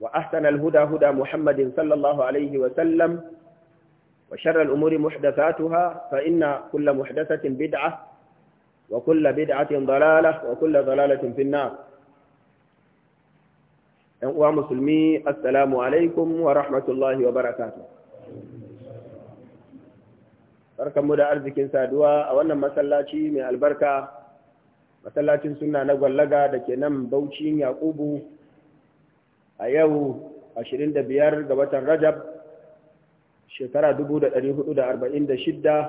وأحسن الهدى هدى محمد صلى الله عليه وسلم وشر الأمور محدثاتها فإن كل محدثة بدعة وكل بدعة ضلالة وكل ضلالة في النار أنقوى مسلمي السلام عليكم ورحمة الله وبركاته barkan mu da arzikin saduwa a wannan masallaci mai albarka masallacin sunna na gwallaga da ke nan baucin yakubu a yau 25 ga watan Rajab shekara 1446 ta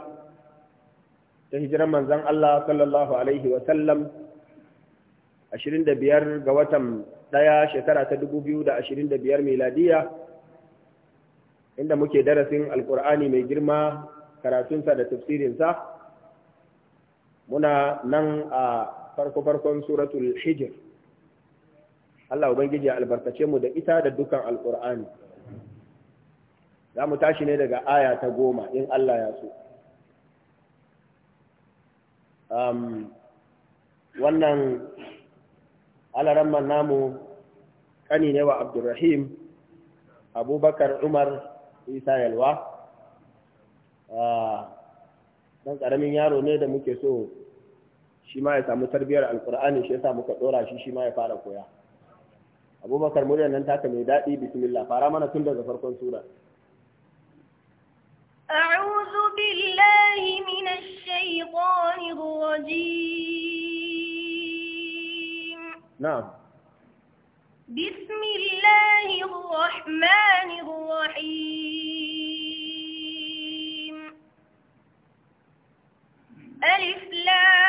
hijiran manzan Allah sallallahu alaihi wasallam 25 ga watan ɗaya shekara ta 2025 miladiya inda muke darasin alkur'ani mai girma karatunsa da tafsirinsa muna nan a farko-farkon suratul hijir Allah ubangiji ya albarkace mu da ita da dukan alqur'ani za mu tashi ne daga aya ta goma in Allah ya so um, wannan alaramman namu kani ne wa abdurrahim abubakar umar isa yalwa dan karamin yaro ne da muke so shi ma ya samu tarbiyar alkur'ani shi ya sa muka dora shi shi ma ya fara koya abubakar muryar nan taka mai daɗi bismillah fara mana tun daga farkon sura أعوذ بالله من الشيطان الرجيم نعم بسم الله الرحمن الرحيم ألف لام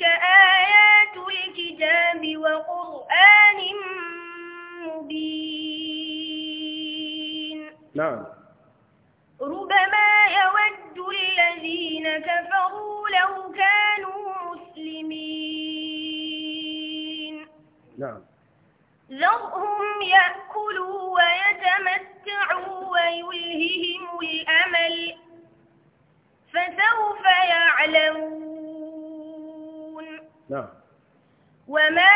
تلك آيات الكتاب وقرآن مبين نعم ربما يود الذين كفروا لو كانوا مسلمين نعم ذرهم يأكلوا ويتمتعوا ويلههم الأمل فسوف يعلمون نعم. وما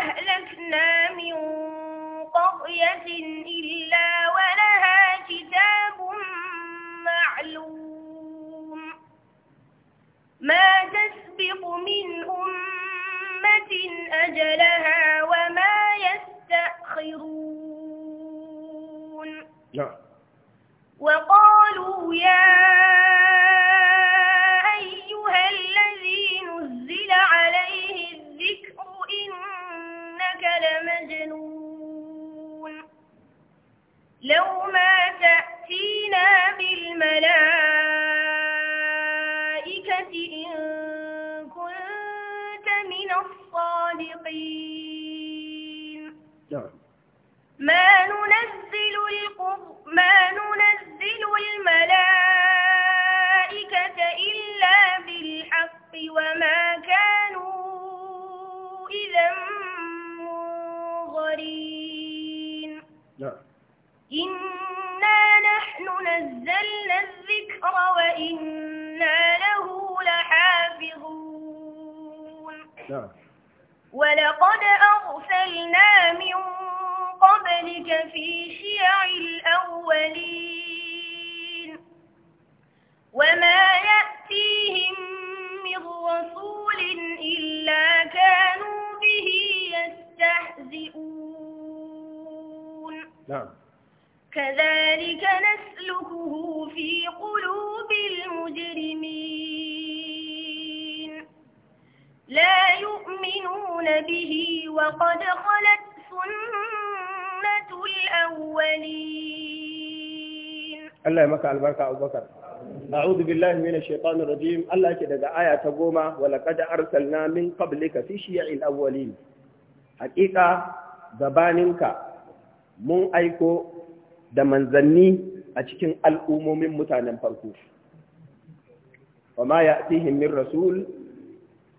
أهلكنا من قرية إلا ولها كتاب معلوم ما تسبق من أمة أجلها وما يستأخرون نعم وقالوا يا لو ما تأتينا بالملائكة إن كنت من الصادقين نعم. ما ننزل, ما ننزل الملائكة نحن نزلنا الذكر وإنا له لحافظون نعم. ولقد أرسلنا من قبلك في شيع الأولين وما يأتيهم من رسول إلا كانوا به يستهزئون نعم كذلك نسلكه في قلوب المجرمين لا يؤمنون به وقد خلت سنة الأولين الله يمكى البركة أبو بكر أعوذ بالله من الشيطان الرجيم الله كده آية تقوم ولقد أرسلنا من قبلك في شيع الأولين حقيقة زبانك من أيكو da manzanni a cikin al'ummomin mutanen farko wama ya fi himmin rasul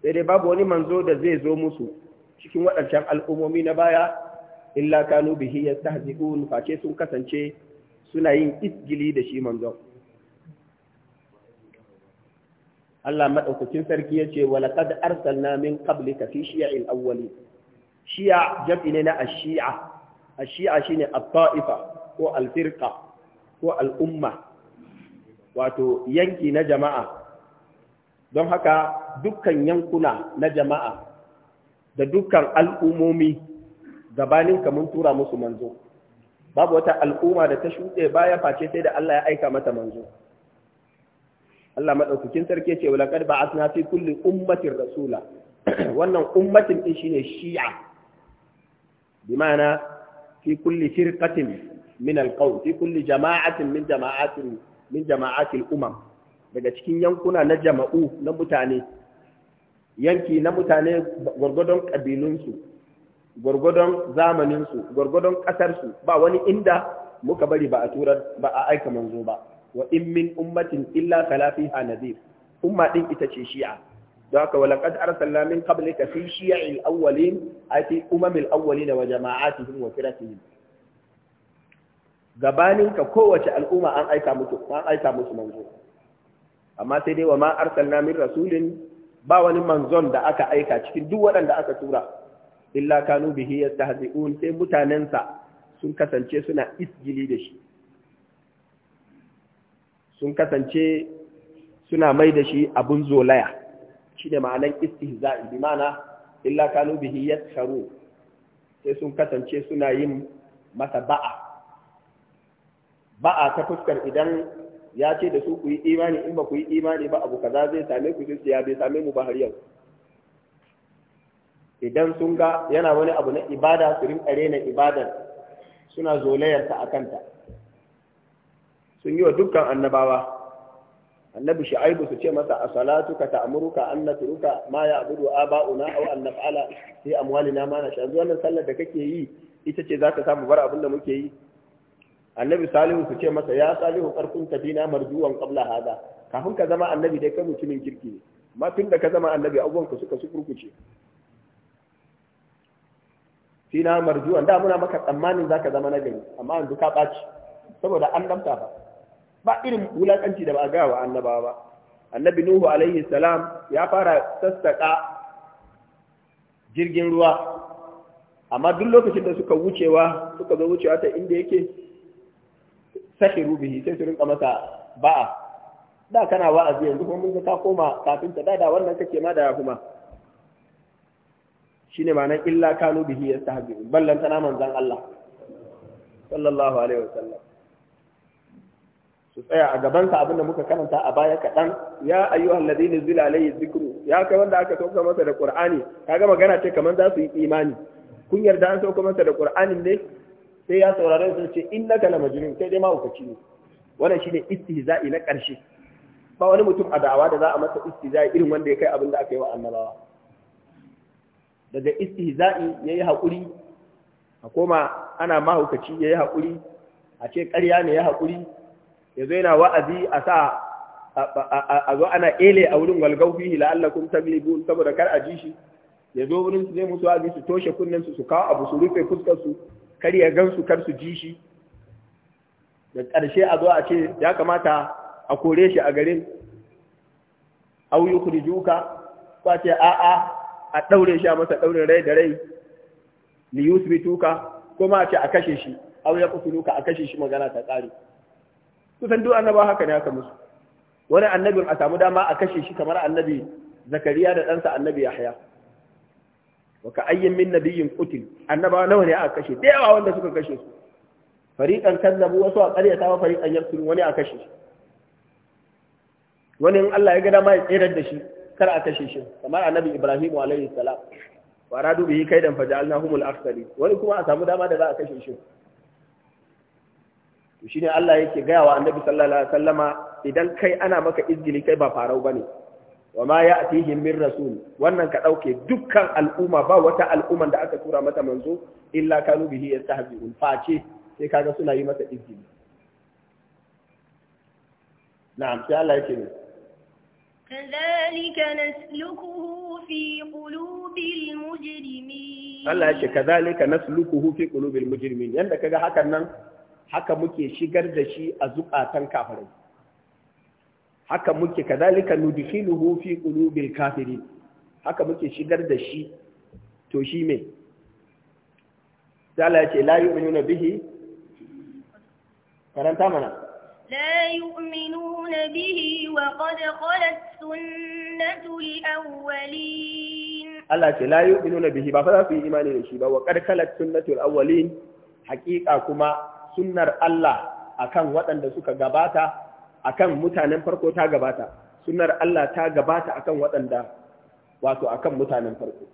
sai dai babu wani manzo da zai zo musu cikin waɗancan al'ummomi na baya illa kanu bihi ya yastahzi'un face sun kasance suna yin isgili da shi manzo. Allah maɗaukacin sarki ya ce, Walakad arsalna min kabli ka fi shiya'il awwali. Shi'a jam'i ne na ashi'a, ashi'a shi ne ta'ifa, ko alfirka ko al'umma wato yanki na jama'a don haka dukkan yankuna na jama'a da dukkan al'umomi gabanin mun tura musu manzo babu wata al'umma da ta shuɗe baya face sai da Allah ya aika mata manzo Allah madaukakin sarki ce wala kad ba'athna fi kulli ummatin rasula wannan ummatin din shine shi'a bi ma'ana fi kulli firqatin min alqawm fi kulli jama'atin min jama'atin min jama'atil umam daga cikin yankuna na jama'u na mutane yanki na mutane gwargwadon gwargwadon zamaninsu gwargwadon ƙasarsu ba wani inda muka bari ba a tura ba a aika manzo ba wa in min ummatin illa salafiha nadir umma din ita ce shi'a don haka wa laqad arsalna min qablika fi shi'il awwalin ati umamil awwalin wa jama'atihim wa firatihim gabaninka kowace al'umma an aika musu an aika musu manzo amma sai dai wa ma arsalna min rasulin ba wani manzon da aka aika cikin duk waɗanda aka tura illa kanu bihi yastahzi'un sai mutanensa sun kasance suna isgili da shi sun kasance suna mai da shi abun zolaya shi ne ma'anar istihza'i bi ma'ana illa kanu bihi yaskharu sai sun kasance suna yin masa ba'a ba a ta fuskar idan ya ce da su ku yi imani in ba ku yi imani ba abu kaza zai same ku sai ya bai same mu ba har yau idan sun ga yana wani abu na ibada su rinka rena ibadar suna zolayarta a kanta sun yi wa dukkan annabawa annabi shu'aibu su ce masa a salatuka ta'muruka an nasruka ma ya'budu aba'una aw an naf'ala fi amwalina ma na yanzu wannan sallar da kake yi ita ce zaka samu bar abin da muke yi annabi salihu ku ce masa ya salihu karfin tafina marjuwan qabla hada kafin ka zama annabi dai kai mutumin kirki ne amma tun da ka zama annabi abubuwan ka suka sukurkuce fina marjuwan da muna maka tsammanin zaka zama nagari amma yanzu ka ɓaci saboda an damta ba ba irin wulakanci da ba a gaya wa annabawa ba annabi nuhu alaihi salam ya fara sassaƙa jirgin ruwa amma duk lokacin da suka wucewa suka zo wucewa ta inda yake sahiru bihi sai su rinka masa ba'a da kana wa'azi yanzu kuma mun ga ka koma kafin ta dada wannan kake ma da ya kuma shine ma'anar illa kanu bihi yastahzi'un ballan tana manzan Allah sallallahu alaihi wasallam su tsaya a gabansa abinda muka karanta a baya kaɗan ya ayyuhal alladhina zila alayhi zikru ya kai wanda aka sauka masa da qur'ani kaga magana ce kamar za su yi imani kun yarda an sauka masa da qur'anin ne sai ya saurare su ce naka na majnun kai dai ma ne wannan shine istihza'i na karshe ba wani mutum a da'awa da za a masa istihza'i irin wanda ya kai abin da aka yi wa annabawa daga istihza'i yayi hakuri a koma ana mahaukaci yayi hakuri a ce ƙarya ne ya hakuri ya zo yana wa'azi a sa a zo ana ele a wurin walgau fihi la'allakum tablibun saboda kar a ji shi ya zo wurin su zai musu wa'azi su toshe kunnen su su kawo abu su rufe fuskar su kar ya gansu kar su ji shi da ƙarshe a zo a ce ya kamata a kore shi a garin au kurjuka ko a ce a'a a ɗaure shi a masa ɗaurin rai da rai tuka? Ko ma a ce a kashe shi au ya kutuluka a kashe shi magana ta tsari kusan duk annaba haka ne haka musu wani annabin a samu dama a kashe shi kamar annabi zakariya da ɗansa annabi yahya Waka ka ayyin min nabiyin kutil annaba nawa ne aka kashe da yawa wanda suka kashe su fariqan kazzabu wasu a ta wa fariqan yaqtulu wani a kashe shi wani in Allah ya ga dama ya tsirar da shi kar a kashe shi kamar annabi Ibrahim alaihi salam wa radu bihi kaidan faja'alnahumul aksari. wani kuma a samu dama da za a kashe shi to shine Allah yake gaya wa annabi sallallahu alaihi wasallama idan kai ana maka izini kai ba farau bane wa ma ya'tihim min rasul wannan ka dauke dukkan al'umma ba wata al'umman da aka tura mata manzo illa kanu bihi yastahzi'un face sai kaga suna yi masa izini na'am sai Allah yake ne كذلك نسلكه في قلوب المجرمين الله يشي yanda kaga hakan nan haka muke shigar da shi a zukatan kafirai haka muke kadhalika nudkhiluhu fi qulubil kafirin haka muke shigar da shi to shi me Allah ya ce la yu'minuna bihi karanta mana la yu'minuna bihi wa qad khalat sunnatu al-awwalin Allah ce la yu'minuna bihi ba fa za su yi imani da shi ba wa qad khalat sunnatu al awwalin haqiqa kuma sunnar Allah akan waɗanda suka gabata akan mutanen farko ta gabata sunnar Allah ta gabata akan waɗanda wato akan mutanen farko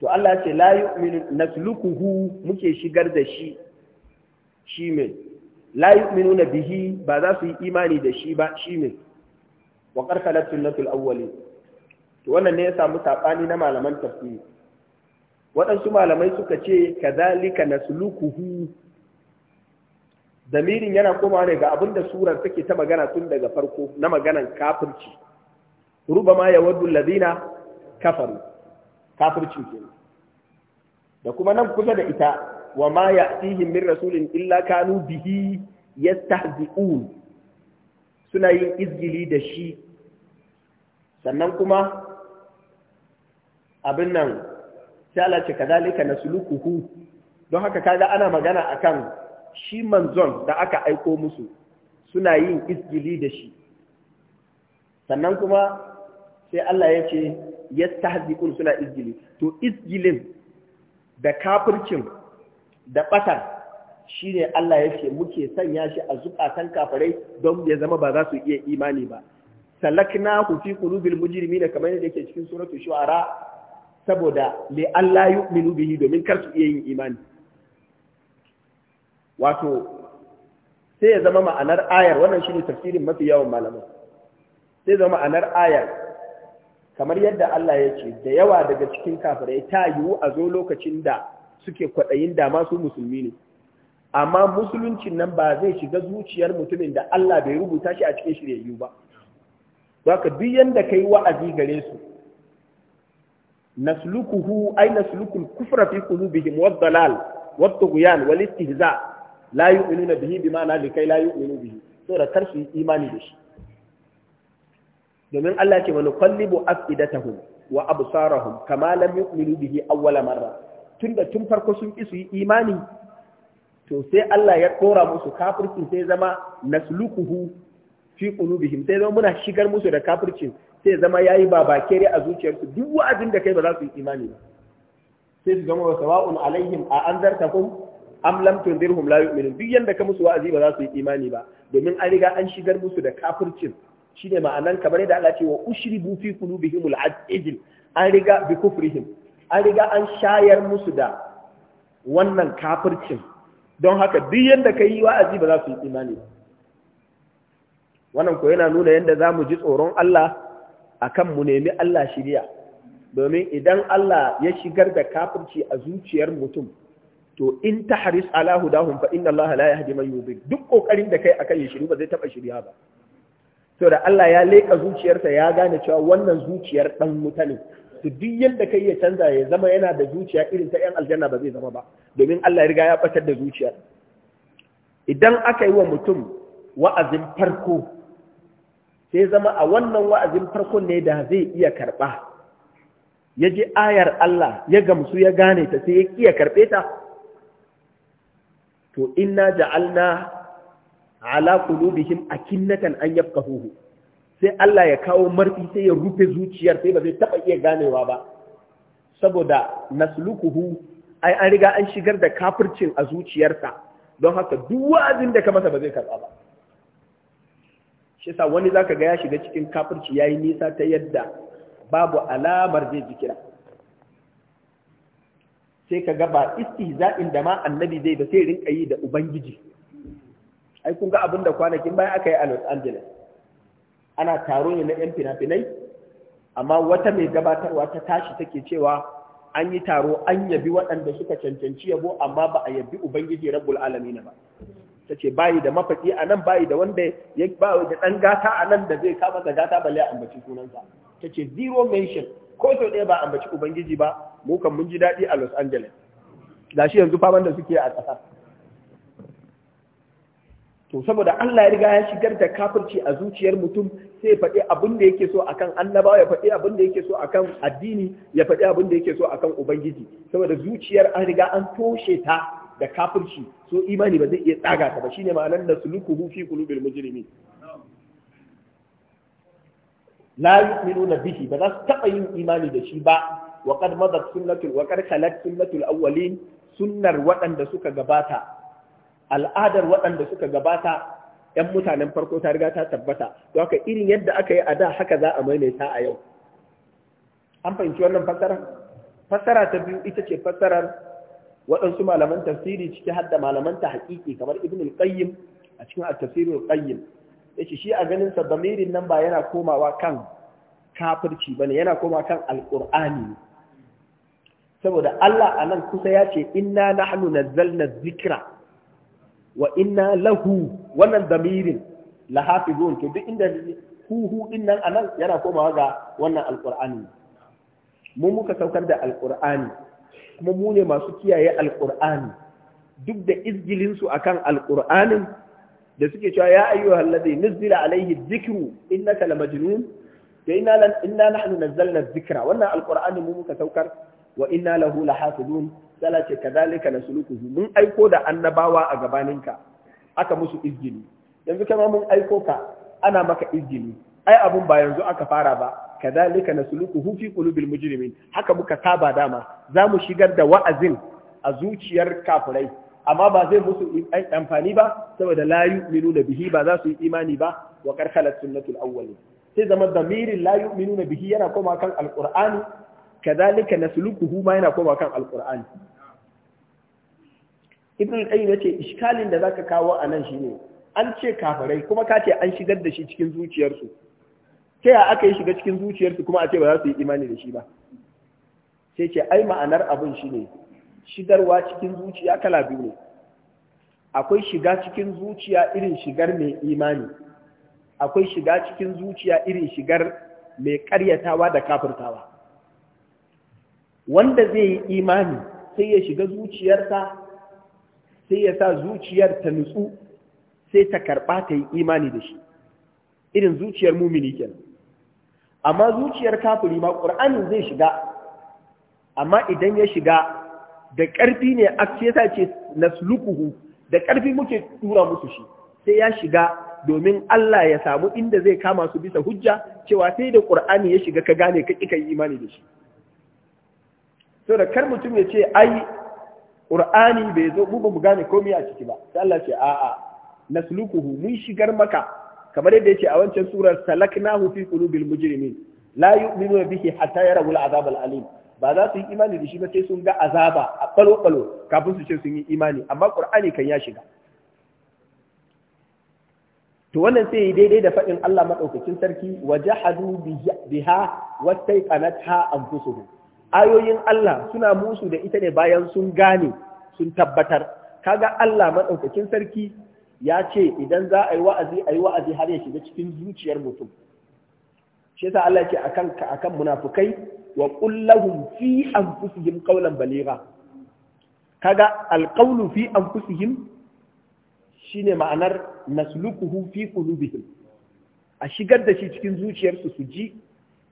to Allah ce la yu'minu naslukuhu muke shigar da shi shi me la yu'minuna bihi ba za su yi imani da shi ba shi me wa qarqalat sunnatul awwalin to wannan ne ya samu sabani na malaman tafsiri waɗansu malamai suka ce kazalika naslukuhu damirin yana komawa ne ga abin da surar take ta magana tun daga farko na maganan kafirci rubama ya waddu ladina kafaru kafirci da kuma nan kusa da ita wa ma ya'tihim min rasulin illa kanu bihi yastahzi'un suna yin izgili da shi sannan kuma abin nan sai Allah ce kadalika nasluquhu don haka kaga ana magana akan shi manzon da aka aiko musu suna yin isgili da shi sannan kuma sai Allah ya ce yastahziqun suna isgili to isgilin da kafircin da ɓatar shi ne Allah ya ce muke sanya shi a zuƙatan kafirai don ya zama ba za su iya imani ba ku fi qulubil mujrimin kamar yadda yake cikin suratul shu'ara saboda li Allah yu'minu bihi domin kar su iya yin imani wato sai ya zama ma'anar ayar wannan shi ne tafsirin mafi yawan malamai sai zama ma'anar ayar kamar yadda Allah ya ce da yawa daga cikin kafirai ta yiwu a zo lokacin da suke kwaɗayin da su musulmi ne amma musuluncin nan ba zai shiga zuciyar mutumin da Allah bai rubuta shi a cikin shiryayyu ba Baka duk ka yi wa'azi gare su Nasluku Hu, ai naslukul kufra fi qulubihim wad dalal wad tughyan wal istihza' la yu'minuna bihi bi ma'ana likai la yu'minu bihi saboda kar su yi imani da shi domin Allah ce wani qallibu afidatahum wa absarahum kama lam bihi marra tunda tun farko sun ki su yi imani to sai Allah ya kora musu kafircin sai zama nasluquhu fi qulubihim sai zama muna shigar musu da kafircin sai zama yayi babakere a zuciyarsu duk wa'azin da kai ba za su yi imani ba sai su zama sawa'un alaihim a anzartakum am lam tundirhum la yu'minun duk yanda ka musu wa'azi ba za su yi imani ba domin an riga an shigar musu da kafircin shine ma'anan kamar yadda Allah ce wa ushribu fi qulubihim ajil an riga bi kufrihim an riga an shayar musu da wannan kafircin don haka duk yanda ka yi wa'azi ba za su yi imani ba wannan ko yana nuna yadda za mu ji tsoron Allah Akan mu nemi Allah shiriya. domin idan Allah ya shigar da kafirci a zuciyar mutum to in ta haris ala hudahum fa inna Allah la yahdi man yudhil duk kokarin da kai akan ya shiru ba zai taba shirya ba to da Allah ya leka zuciyarsa ya gane cewa wannan zuciyar dan mutane, to duk yanda kai ya canza ya zama yana da zuciya irin ta yan aljanna ba zai zama ba domin Allah ya riga ya batar da zuciyar idan aka yi wa mutum wa'azin farko sai zama a wannan wa'azin farkon ne da zai iya karba ya ji ayar Allah ya gamsu ya gane ta sai ya iya karbe ta to inna ja'alna ala qulubihim akinnatan an yafqahuhu sai Allah ya kawo marfi sai ya rufe zuciyar sai ba zai taba iya ganewa ba saboda naslukuhu ai an riga an shigar da kafircin a zuciyarsa don haka duk wa'azin da ka masa ba zai karba ba shi yasa wani zaka ga ya shiga cikin kafirci yayi nisa ta yadda babu alamar zai ji kira sai ka ga ba istihza'in da ma annabi zai da sai rinka yi da ubangiji ai kun ga abin da kwanakin baya aka yi a Los Angeles ana taro ne na yan fina-finai amma wata mai gabatarwa ta tashi take cewa an yi taro an yabi waɗanda suka cancanci yabo amma ba a yabi ubangiji rabbul alamin ba ta ce bayi da mafaki a nan bayi da wanda ya bayi da ɗan gata a nan da zai kama da gata balle a ambaci sunansa ta ce zero mention ko sau ɗaya ba a ambaci ubangiji ba mu kan mun ji daɗi a los angeles shi yanzu faman da suke a ƙasa to saboda Allah ya riga ya shigar da kafirci a zuciyar mutum sai ya faɗi abin da yake so akan annabawa ya faɗi abin da yake so akan addini ya faɗi abin da yake so akan ubangiji saboda zuciyar an riga an toshe ta da kafirci so imani ba zai iya tsaga ta ba shine ma'anar da suluku, fi qulubil mujrimin la yu'minuna bihi ba za su taɓa yin imani da shi ba wa qad madat sunnatul wa qad khalat sunnatul awwalin sunnar waɗanda suka gabata al'adar waɗanda suka gabata ‘yan mutanen farko ta riga ta tabbata, to haka irin yadda aka yi a da haka za a maimaita a yau. An fahimci wannan fassara? Fassara ta biyu ita ce fassarar waɗansu malaman tafsiri ciki har da malaman ta haƙiƙi kamar Ibn al-Qayyim a cikin tafsirul tafsir al-Qayyim yake shi a ganin sa damirin nan ba yana komawa kan kafirci bane yana komawa kan alqur'ani saboda Allah a nan kusa ya ce inna nahnu nazzalna dhikra wa inna lahu wannan damirin hafizun to duk inda hu hu din nan a nan yana komawa ga wannan alqur'ani mu muka saukar da alqur'ani kuma mu ne masu kiyaye alqur'ani duk da izgilinsu akan alqur'anin da suke cewa ya ayyuha allazi nuzila alaihi dhikru innaka lamajnun da inna lan inna nahnu nazzalna dhikra wannan alqur'ani mu muka saukar wa inna lahu lahafidun sala ce kadhalika naslukuhu mun aiko da annabawa a gabaninka aka musu izgini yanzu kama mun aiko ka ana maka izgini ai abun ba yanzu aka fara ba na naslukuhu fi qulubil mujrimin haka muka saba dama zamu shigar da wa'azin a zuciyar kafirai amma ba zai musu amfani ba saboda la yu'minuna bihi ba za su yi imani ba wa karkalat sunnatul awwal sai zama damirin la yu'minuna bihi yana koma kan alqur'ani kadhalika nasluquhu ma yana koma kan alqur'ani ibn al-qayyim yace iskalin da zaka kawo anan shine an ce kafirai kuma ka ce an shigar da shi cikin zuciyarsu ta ya aka yi shiga cikin zuciyarsu kuma a ce ba za su yi imani da shi ba sai ce ai ma'anar abin shine shigarwa cikin zuciya kala biyu ne akwai shiga cikin zuciya irin shigar mai imani akwai shiga cikin zuciya irin shigar mai karyatawa da kafirtawa wanda zai yi imani sai ya shiga zuciyarsa sai ya sa zuciyar ta nutsu sai ta karɓa ta yi imani da shi irin zuciyar mumini kenan amma zuciyar kafiri ma ƙur'anin zai shiga amma idan ya shiga da ƙarfi ne a ce sa ce nasluquhu da ƙarfi muke tura musu shi sai ya shiga domin Allah ya samu inda zai kama su bisa hujja cewa sai da Qur'ani ya shiga ka gane ka kika yi imani da shi To da kar mutum ya ce ai ƙur'ani bai zo mu ba mu gane komai a ciki ba sai Allah ce a'a nasluquhu mun shigar maka kamar yadda yake a wancan surar salaknahu fi qulubil mujrimin la yu'minu bihi hatta yarawul azab al alim ba za su yi imani da shi ba sai sun ga azaba a ɓalo-ɓalo kafin su ce sun yi imani amma ƙur'ani kan ya shiga to wannan sai yi daidai da faɗin Allah maɗaukakin sarki wa jahadu biha wastaiqanatha anfusuhum ayoyin Allah suna musu da ita ne bayan sun gane sun tabbatar kaga Allah maɗaukakin sarki ya ce idan za a yi wa'azi a yi wa'azi har ya shiga cikin zuciyar mutum shi yasa Allah ya ce akan akan munafukai wa qul lahum fi anfusihim qawlan baligha kaga alqawlu fi shine ma'anar naslukuhu fi qulubihim a shigar da shi cikin zuciyarsu su ji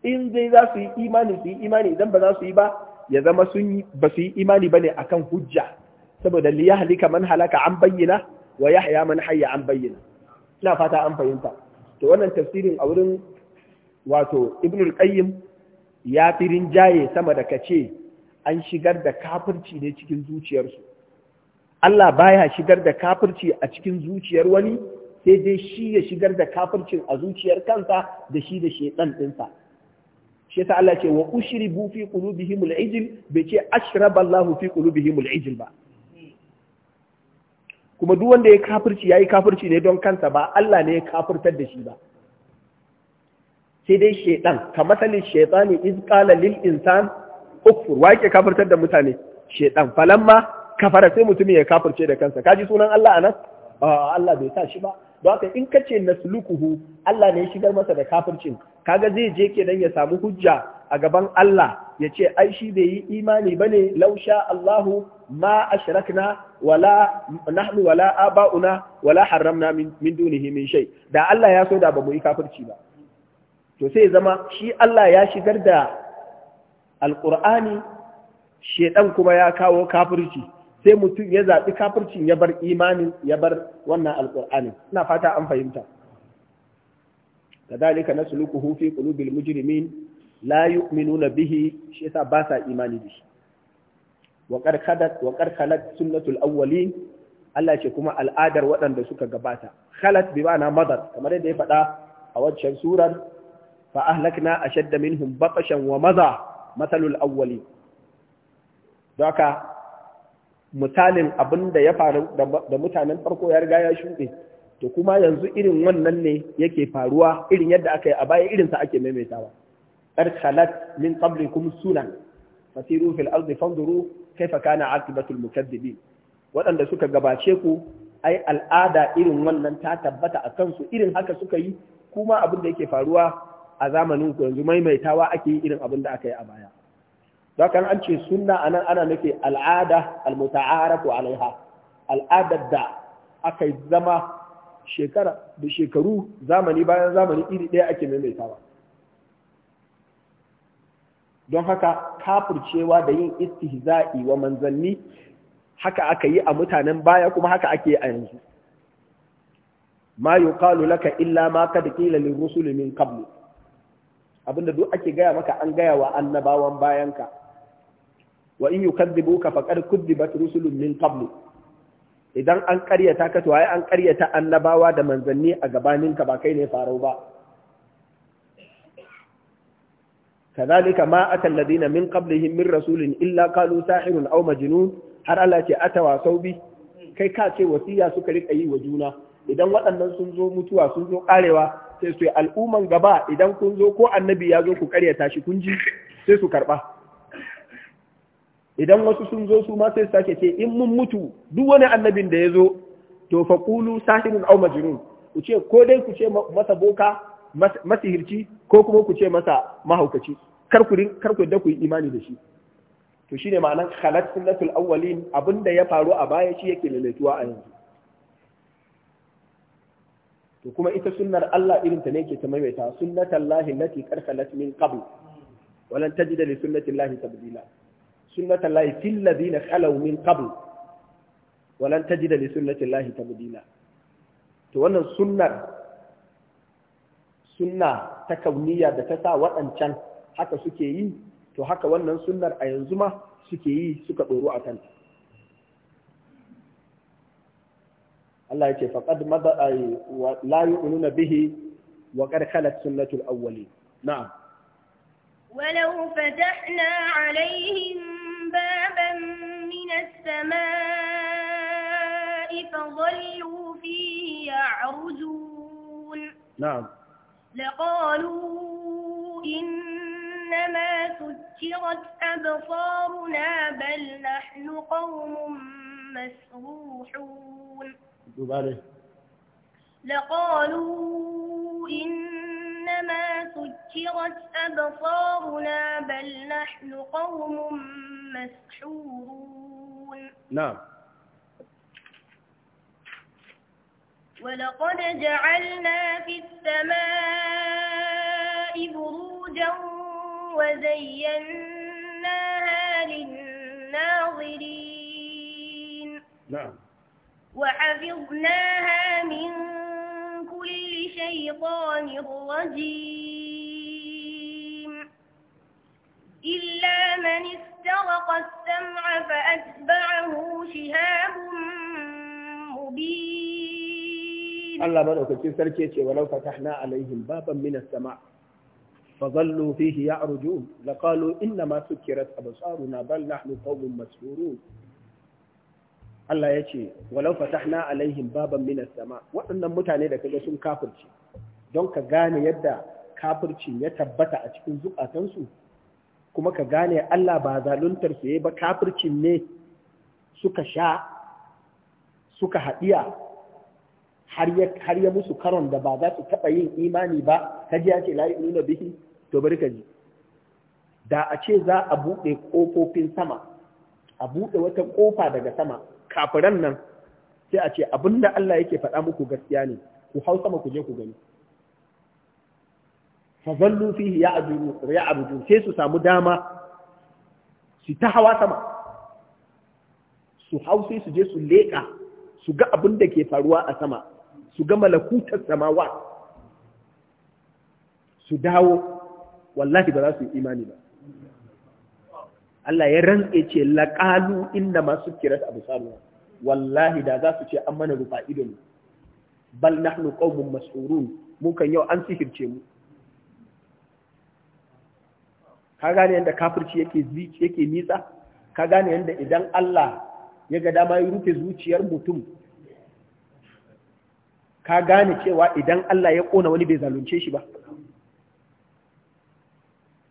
in dai za su yi imani su yi imani idan ba za su yi ba ya zama ba su yi imani bane akan hujja saboda li yahlika man halaka an bayyana wa yahya man hayya an bayyana ina fata an fahimta to wannan tafsirin a wurin wato ibnul qayyim ya fi rinjaye sama da kace an shigar da kafirci ne cikin zuciyarsu Allah baya shigar da kafirci a cikin zuciyar wani sai dai shi ya shigar da kafircin a zuciyar kansa da shi da shedan ɗinsa shi ta Allah ce wa bu fi qulubihimul ijil bai ce ashraba Allahu fi qulubihimul ijil ba kuma duk wanda ya kafirci yayi kafirci ne don kansa ba Allah ne ya kafirtar da shi ba sai dai shaiɗan, ka masalin shaitani iz qala lil insan ukfur wa yake kafirtar da mutane shaidan falamma kafara sai mutum ya kafirce da kansa kaji sunan Allah anan Allah bai sa shi ba don haka in ka ce naslukuhu Allah ne ya shigar masa da kafircin kaga zai je ke dan ya samu hujja a gaban Allah ya ce ai shi bai yi imani bane lausha Allahu ma ashrakna wala nahnu wala aba'una wala harramna min, min dunihi min shay da Allah ya so da ba mu yi kafirci ba to sai zama shi Allah ya shigar da alƙur'ani shedan kuma ya kawo kafirci sai mutum ya zaɓi kafircin ya bar imanin ya bar wannan alƙur'ani ina fata an fahimta kadhalika nasluquhu fi qulubil mujrimin la yu'minuna bihi shi yasa ba sa imani da shi wa Khalad wa karkalat sunnatul awwalin Allah ce kuma al'adar waɗanda suka gabata khalat bi ma'ana madar kamar yadda ya faɗa a waccan surar fa ahlakna ashadda minhum batashan wa maza matalul awwali doka misalin abin da ya faru da mutanen farko ya riga ya shuɗe to kuma yanzu irin wannan ne yake faruwa irin yadda aka yi a baya irin sa ake maimaitawa qad khalat min qablikum sunan fasiru fil ardi fanduru kaifa kana aqibatul mukaththibin waɗanda suka gabace ku ai al'ada irin wannan ta tabbata a kansu irin haka suka yi kuma abin da yake faruwa a zamanin ku yanzu maimaitawa ake yi irin abin da aka yi a baya Dokan an ce sunna nan ana nufi al'ada al-muta'arafu alaiha al'ada da aka zama shekara da shekaru zamani bayan zamani iri ɗaya ake maimaitawa don haka kafircewa da yin istihza'i wa manzanni haka aka yi a mutanen baya kuma haka ake yi a yanzu ma yuqalu laka illa ma qad qila lirrusuli min qablu abinda duk ake gaya maka an gaya wa annabawan bayanka wa in yukadzibuka faqad kudibat rusulun min qablu idan an karyata ka to ai an karyata annabawa da manzanni a gabanin ka ba kai ne farau ba kadhalika ma ata alladhina min qablihim min rasulin illa qalu sahirun aw majnun har Allah ce atawa saubi kai ka ce wasiya suka rika yi wa juna idan waɗannan sun zo mutuwa sun zo karewa sai su al'umman gaba idan kun zo ko annabi ya zo ku karyata shi kun ji sai su karba idan wasu sun zo su ma sai sake ce in mun mutu duk wani annabin da ya zo to fa qulu sahirun aw ku ce ko dai ku ce masa boka masihirci ko kuma ku ce masa mahaukaci kar ku kar da ku yi imani da shi to shine ma'anar khalat sunnatul awwalin abinda ya faru a baya shi yake lalatuwa a yanzu to kuma ita sunnar Allah irin ta ne ke ta maimaita lahi lati karkalat min qabl walan tajida li sunnatillahi tabdila lahi fil ladina khalaw min qabl walan tajida li sunnatillahi tabdila to wannan sunnar sunna ta kauniya da ta sa waɗancan haka suke yi to haka wannan sunnar a yanzu ma suke yi suka ɗoro a kanta الله ya فقد مضى أي لا يؤمنون به وقد خلت سنة الأولين نعم ولو فتحنا عليهم بابا من السماء فظلوا فيه يعرجون نعم لقالوا إنما سكرت أبصارنا بل نحن قوم مسروحون دوباره لقالوا إنما سكرت أبصارنا بل نحن قوم مسحورون نعم ولقد جعلنا في السماء بروجا وزيناها للناظرين نعم وحفظناها من كل شيطان رجيم إلا من استرق السمع فأتبعه شهاب مبين الله مدوكاكين سركي ولو فتحنا عليهم بابا من السماء فظلوا فيه يعرجون لقالوا إنما سكرت أبصارنا بل نحن قوم مسحورون Allah ya ce walau fatahna alaihim baban minas sama waɗannan mutane da kaga sun kafirci don ka gane yadda kafircin ya tabbata a cikin zukatansu kuma ka gane Allah ba zaluntar su ba kafircin ne suka sha suka haɗiya har ya musu karon da ba za su taɓa yin imani ba ka ji ya ce la nuna bihi to bari ka ji da a ce za a buɗe ƙofofin sama a buɗe wata ƙofa daga sama kafiran nan sai a ce abinda Allah yake faɗa muku gaskiya ne ku hau sama ku je ku gani fa zallu fihi ya abudu sai su samu dama su ta hawa sama su hau su je su leƙa su ga abin da ke faruwa a sama su ga malakutar samawa su dawo wallahi ba za su yi imani ba Allah ya rantse ce inda masu ma abu absaruna wallahi da za su ce an mana rufa bal ne bal nahnu qaumun mas'urun mu kan yau an sihirce mu ka gane yadda kafirci yake yake nisa, ka gane yadda idan Allah ya ga dama ya rufe zuciyar mutum ka gane cewa idan Allah ya kona wani bai zalunce shi ba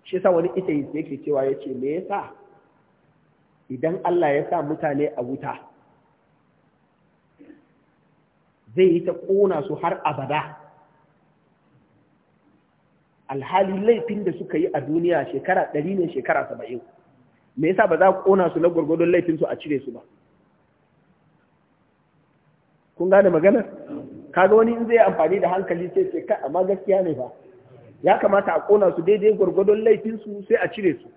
shi yasa wani ita yake cewa yace me ya sa? idan Allah ya sa mutane a wuta zai yi ta ƙona su har abada alhali laifin da suka yi a duniya shekara ɗari ne shekara saba'in me yasa ba za ku ƙona su na gwargwadon laifinsu a cire su ba kun gane maganar kaga wani in zai amfani da hankali sai ce ka amma gaskiya ne ba ya kamata a ƙona su daidai gwargwadon laifinsu sai a cire su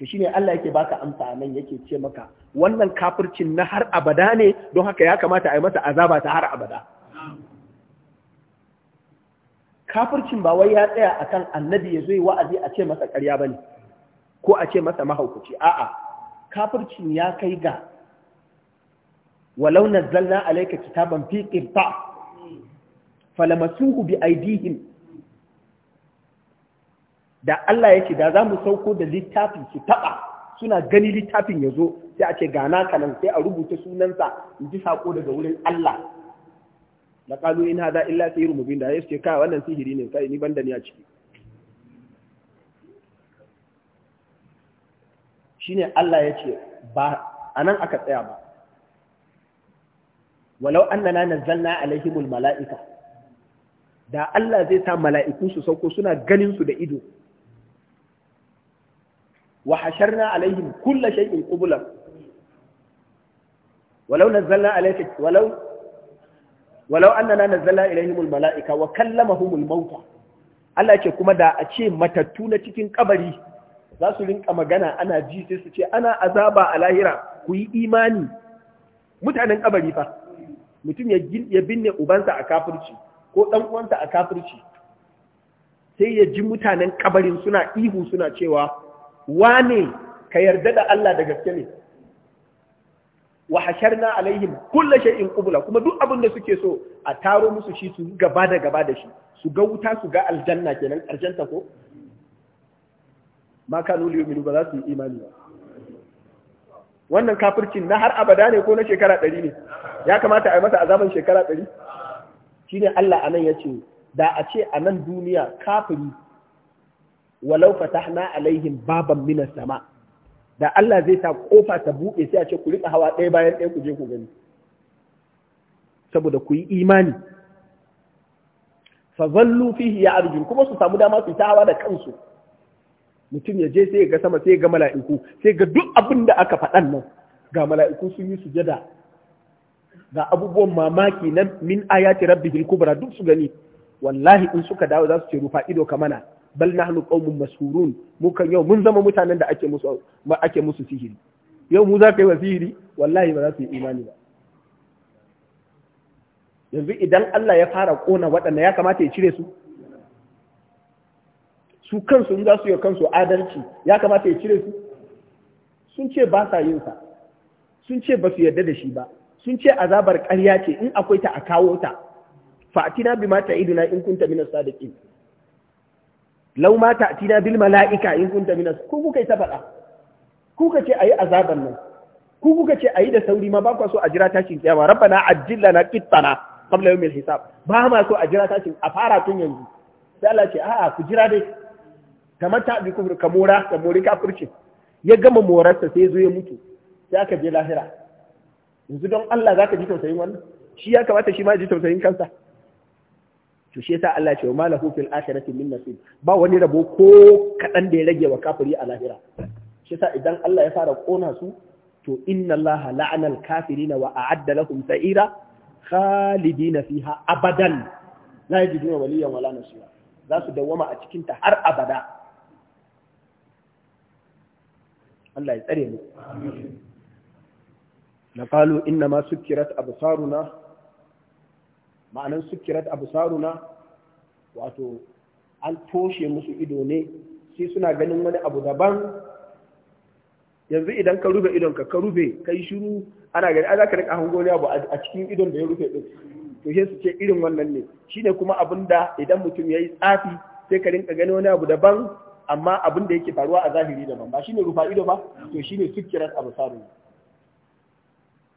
to shine Allah yake baka amsa a nan yake ce maka wannan kafircin na har abada ne don haka ya kamata a yi masa azaba ta har abada kafircin ba wai ya tsaya akan annabi ya zo yi wa'azi a ce masa ƙarya bane ko a ce masa mahaukaci a'a kafircin ya kai ga walau nazzalna alayka kitaban fi qirta falamasuhu bi aydihim da Allah ya ce da za mu sauko da littafin su taɓa suna gani littafin ya zo sai a ce gana kanan sai a rubuta sunansa in ji sako daga wurin Allah la qalu in hada illa yi mubin da suke kawai wannan sihiri ne sai ni ban da ni a ciki shine Allah ya ce ba a nan aka tsaya ba walau annana nazzalna alaihimul mala'ika da Allah zai sa mala'iku su sauko suna ganin su da ido wa عليهم كل kulla قبلا ولو walau عليك ولو walau اننا نزلنا اليهم الملائكه وكلمهم wa الله almauta kuma da a ce matattu na cikin kabari za su rinka magana ana ji sai su ce ana azaba a lahira ku yi imani mutanen kabari fa mutum ya binne ubansa a kafirci ko dan uwansa a kafirci sai ya ji mutanen kabarin suna ihu suna cewa wane ka yarda da Allah da gaske ne wa hasharna alaihim kulla shay'in qubla kuma duk abin da suke so a taro musu shi su gaba da gaba da shi su ga wuta su ga aljanna kenan karshen ko ma kanu yu'minu ba za su yi imani ba wannan kafircin na har abada ne ko na shekara ɗari ne ya kamata a yi masa azaban shekara ɗari shi ne Allah anan yace da a ce a nan duniya kafiri walau fatahna alaihim baban minas sama da Allah zai sa kofa ta buɗe sai a ce ku rika hawa ɗaya bayan ɗaya ku je ku gani saboda ku yi imani fa zallu fihi ya arjun kuma su samu dama su ta hawa da kansu mutum ya je sai ya ga sama sai ya ga mala'iku sai ga duk abin da aka faɗan nan ga mala'iku sun yi sujada ga abubuwan mamaki na min ayati rabbihil kubra duk su gani wallahi in suka dawo za su ce rufa ido kamana bal nahnu qaumun mashhurun mu kan yau mun zama mutanen da ake musu ake musu sihiri yau mu za ka yi wa sihiri wallahi ba za su yi imani ba yanzu idan Allah ya fara kona waɗanda ya kamata ya cire su su kansu in za su yi kansu adalci ya kamata ya cire su sun ce ba sa yin sa sun ce ba su yarda da shi ba sun ce azabar ƙarya ce in akwai ta a kawo ta fa'atina bima ta'iduna in kunta minas sadiqin lau ma ta'tina bil mala'ika in kunta minas ku kuka yi ta faɗa ku kace ayi azaban nan ku kuka ce ayi da sauri ma ba ku so a jira tashin kiyama rabbana ajjil lana qittana qabla yawmil hisab ba ma so a jira tashin a fara tun yanzu sai Allah ce a'a ku jira dai kamar ta bi kufur kamora kamori kafirci ya gama morarsa sai zo ya mutu sai aka je lahira yanzu don Allah zaka ji tausayin wannan shi ya kamata shi ma ji tausayin kansa to shi yasa Allah ce wa malahu fil akhirati min nasib ba wani rabo ko kadan da ya rage wa kafiri a lahira shi yasa idan Allah ya fara kona su to inna Allah la'ana al kafirina wa a'adda lahum sa'ira khalidina fiha abadan la yajiduna waliyan wala nasira za su dawwama a cikin ta har abada Allah ya tsare mu na qalu inna ma sukkirat absaruna ma'anan sukirat saruna wato an toshe musu ido ne sai suna ganin wani abu daban yanzu idan ka rube idon ka ka rufe kai shiru ana gani za ka rika hango ne abu a cikin idon da ya rufe din to sai su ce irin wannan ne shine kuma abin da idan mutum yayi tsafi sai ka rinka gani wani abu daban amma abin da yake faruwa a zahiri daban ba shine rufa ido ba to shine sukirat saruna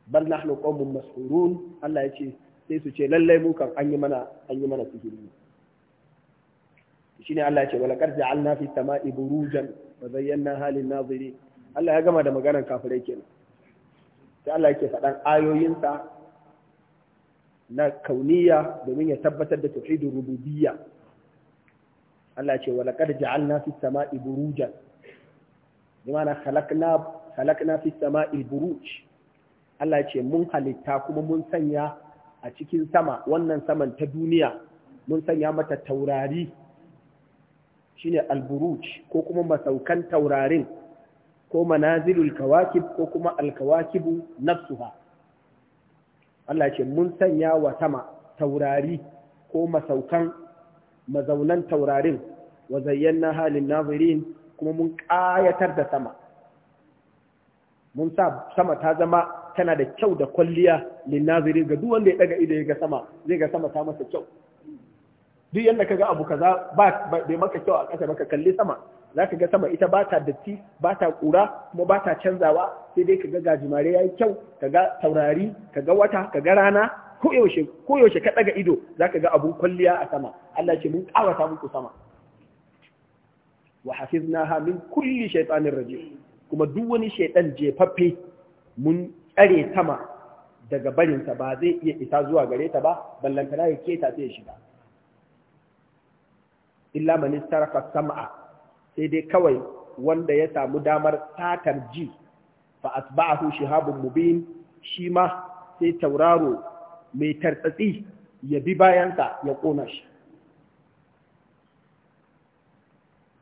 bal nahnu qawmun mas'ulun Allah ya ce sai su ce lallai mu kan an yi mana an yi mana sihiri shine Allah ya ce walaqad ja'alna fi samai burujan wa zayyana halin naziri Allah ya gama da maganar kafirai kenan sai Allah yake faɗan ayoyinsa na kauniya domin ya tabbatar da tauhidin rububiyya Allah ce wala walaqad ja'alna fi samai burujan bimana khalaqna khalaqna fi samai buruj Allah ce mun halitta kuma mun sanya a cikin sama wannan saman ta duniya mun sanya mata taurari shine alburuj ko kuma masaukan taurarin ko manazilul kawakib ko kuma alkawakibu nafsuha Allah ce mun sanya wa sama taurari ko masaukan mazaunan taurarin wa zayyana halin nazirin kuma mun ƙayatar da sama mun sa sama ta zama tana da kyau da kwalliya linnaziri ga duk wanda ya daga ido ya ga sama zai ga sama ta masa kyau duk yanda kaga abu kaza ba bai maka kyau a kasa ka kalli sama za ka ga sama ita ba ta datti ba ta kura, kuma ba ta canzawa sai dai ka ga gajimare ya yi kyau ka ga taurari ka ga wata ka ga rana koyaushe koyaushe ka daga ido za ka ga abun kwalliya a sama Allah ce mun ƙawata muku sama wa hafiznaha min kulli shaytanir rajim kuma duk wani shaytan jefaffe mun Ƙare sama daga barinsa ba zai iya isa zuwa gare ta ba ballantana ya keta sai ya shiga illa man istaraka sam'a sai dai kawai wanda ya samu damar satar ji fa asba'ahu habin mubin shi ma sai tauraro mai tartsatsi ya bi bayansa ya ƙona shi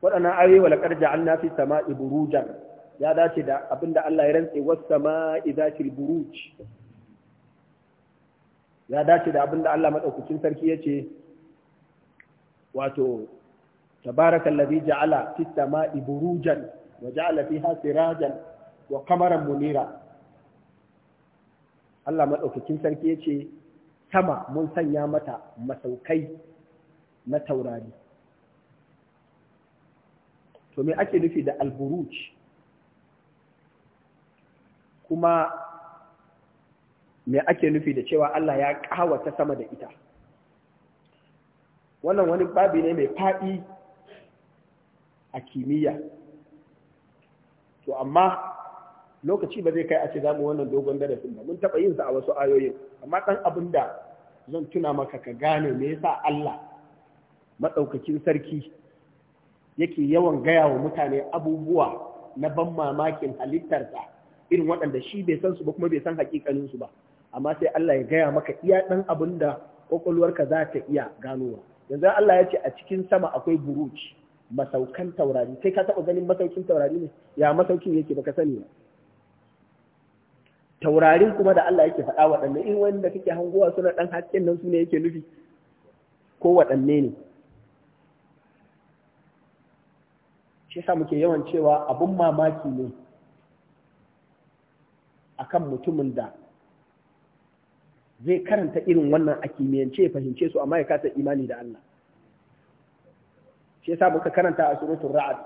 waɗannan ayoyi wa ja'an na fi sama'i burujan ya dace da abinda Allah ya rantse wasama idatil buruj ya dace da abinda Allah maɗaukacin sarki ya ce, wato tabarakallazi ja'ala fis sama'i burujan wa ja'ala fiha sirajan wa qamaran munira Allah maɗaukacin sarki ya ce sama mun sanya mata masaukai na taurari to me ake nufi da alburuj kuma me ake nufi da cewa Allah ya kawata sama da ita wannan wani babi ne mai faɗi a kimiyya to amma lokaci ba zai kai a ce za mu wannan dogon darasin ba mun taɓa yin sa a wasu ayoyin amma ɗan abin da zan tuna maka ka gane me yasa Allah maɗaukakin sarki yake yawan gaya wa mutane abubuwa na ban mamakin halittarsa irin waɗanda shi bai san su ba kuma bai san hakikanin su ba amma sai Allah ya gaya maka iya ɗan abin da kwakwalwarka za ta iya ganowa yanzu Allah ya ce a cikin sama akwai buruj masaukan taurari sai ka taɓa ganin masaukin taurari ne ya masaukin yake baka sani ba taurarin kuma da Allah yake faɗa waɗanne in wanda kake hangowa suna ɗan hasken nan su ne yake nufi ko waɗanne ne shi sa muke yawan cewa abun mamaki ne akan mutumin da zai karanta irin wannan a kimiyyance fahimce su amma ya kasa imani da Allah shi yasa muka karanta a suratul ra'ad